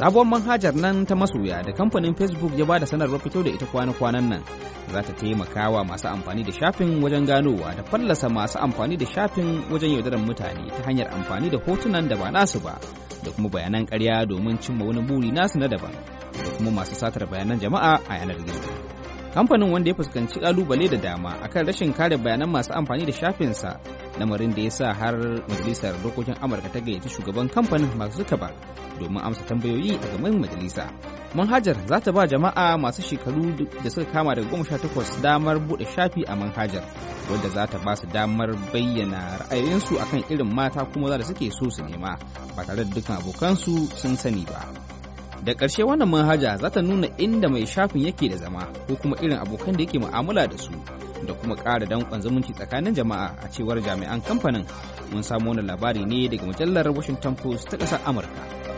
Sabuwar manhajar nan ta masoya da kamfanin Facebook ya bada sanarwar fito da ita kwana-kwanan nan za ta taimaka wa masu amfani da shafin wajen ganowa da fallasa masu amfani da shafin wajen yaudarar mutane ta hanyar amfani da hotunan da ba nasu ba da kuma bayanan karya domin cimma wani buri nasu na daban da kuma masu satar bayanan jama'a a yanar gizo. kamfanin wanda ya fuskanci kalubale da dama akan rashin kare bayanan masu amfani da shafinsa lamarin da ya sa har majalisar dokokin amurka ta gayyaci shugaban kamfanin mark zuckerberg domin amsa tambayoyi a gaban majalisa manhajar za ta ba jama'a masu shekaru da suka kama daga goma sha takwas damar buɗe shafi a manhajar wadda za ta ba su damar bayyana ra'ayoyinsu akan irin mata kuma za da suke so su nema ba tare da dukkan abokansu sun sani ba Da ƙarshe wannan manhaja za ta nuna inda mai shafin yake da zama ko kuma irin abokan da yake mu'amala da su da kuma ƙara danƙon zumunci tsakanin jama'a a cewar jami'an kamfanin. Mun samu wani labari ne daga mujallar Washington Post ta ƙasar Amurka.